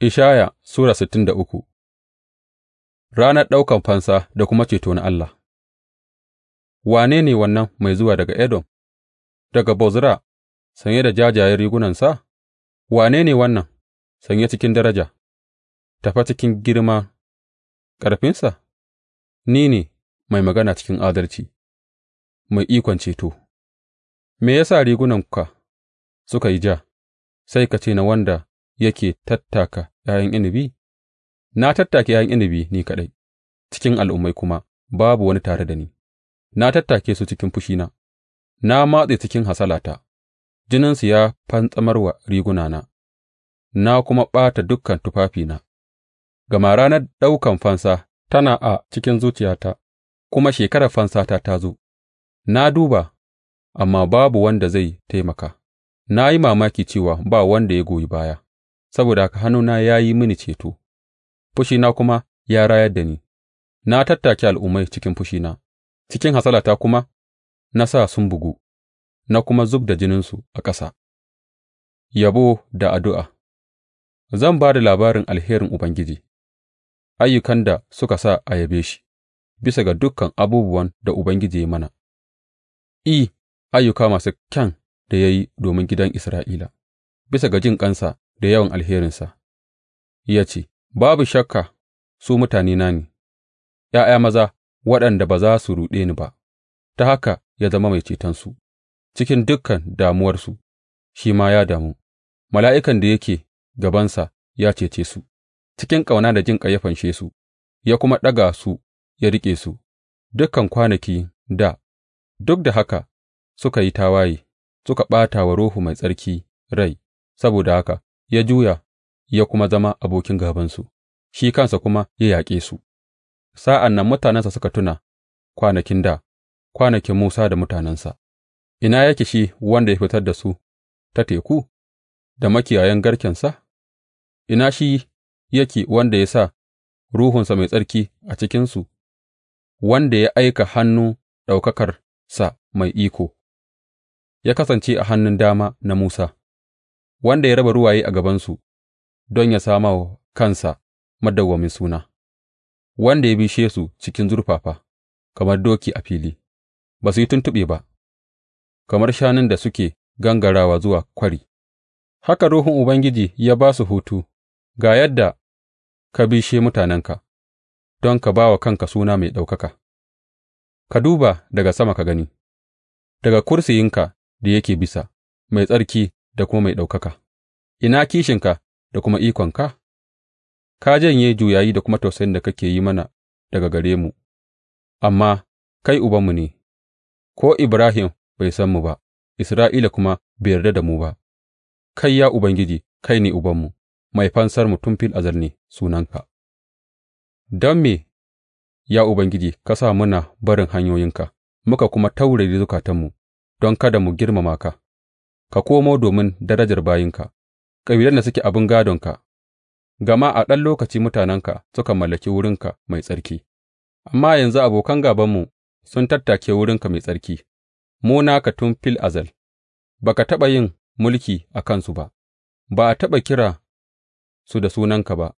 Ishaya Sura sittin da uku Ranar ɗaukan fansa da kuma ceto na Allah Wane ne wannan mai zuwa daga Edom, daga Bozra, sanye da jajayen rigunansa? Wane ne wannan, sanye cikin daraja, Tafa cikin girma ƙarfinsa? Ni ne mai magana cikin adalci, mai ikon ceto. Me ya sa rigunanka suka yi ja, sai ka ce na wanda yake tattaka ’ya'yan inabi? Na tattake ’ya'yan inabi ni kaɗai, cikin al'ummai kuma babu wani tare da ni; na tattake su cikin fushina, na matse cikin hasalata, jininsu ya fantsamar wa rigunana na kuma ɓata dukan tufafina, gama ranar ɗaukan fansa tana a cikin zuciyata, kuma shekarar fansata ta zo, na duba, amma babu wanda zai taimaka, na yi mamaki cewa ba wanda ya goyi baya. saboda haka hannuna ya yi mini ceto, fushina kuma ya rayar da ni, na tattake al'ummai cikin fushina, cikin hasalata kuma na sa sun bugu, na kuma zub da jininsu a ƙasa. Yabo da addu'a Zan ba da labarin alherin Ubangiji, ayyukan da suka sa a yabe shi, bisa ga dukkan abubuwan da Ubangiji ya mana, I, ayyuka masu kyan da ya yi domin gidan Isra'ila, bisa ga jin ƙansa da yawan alherinsa, ya ce, Babu shakka su mutanena ne, ’ya'ya maza waɗanda ba za su ruɗe ni ba, ta haka ya zama mai cetonsu, cikin dukan damuwarsu, shi ma ya damu, mala'ikan da yake gabansa ya cece su, cikin ƙauna da jin ya su, ya kuma ɗaga su ya riƙe su, dukan kwanaki da, duk da haka suka yi tawaye, suka ɓata wa Ruhu Mai Tsarki rai, saboda haka ya juya ya kuma zama abokin gābansu, shi kansa kuma ya yaƙe su, sa'an nan mutanensa suka tuna kwanakin da kwanakin Musa da mutanensa, ina yake shi wanda ya fitar da su ta teku da makiyayan garkensa? Ina shi yake wanda ya sa Ruhunsa mai tsarki a cikinsu, wanda ya aika hannu ɗaukakarsa mai iko, ya kasance a hannun dama na Musa. wanda ya raba ruwaye a gabansu don ya sama wa kansa madawwamin suna, wanda ya bishe su cikin zurfafa kamar doki a fili, ba su yi tuntuɓe ba, kamar shanun da suke gangarawa zuwa kwari, haka Ruhun Ubangiji ya ba su hutu, ga yadda ka bishe mutanenka, don ka ba wa kanka suna mai ɗaukaka, ka duba daga sama ka gani, daga kursiyinka da yake bisa, mai tsarki da kuma mai ɗaukaka, ina kishinka da kuma ikonka? Ka janye juyayi da kuma tausayin da kake yi mana daga gare mu, amma kai Ubanmu ne, ko Ibrahim bai san mu ba, Isra'ila kuma bai yarda da mu ba, kai, ya Ubangiji, kai ne Ubanmu, mai fansarmu tun fil azal ne sunanka. Don me, ya Ubangiji, ka sa muna barin hanyoyinka, muka kuma taurari zukatanmu don kada mu girmama ka. ka komo domin darajar bayinka, kabilan da suke abin gādonka, gama a ɗan lokaci mutanenka suka mallaki wurinka mai tsarki, amma yanzu abokan gābanmu sun tattake wurinka mai tsarki, mu naka tun fil azal, ba ka taɓa yin mulki a kansu ba, ba a taɓa kira su da sunanka ba.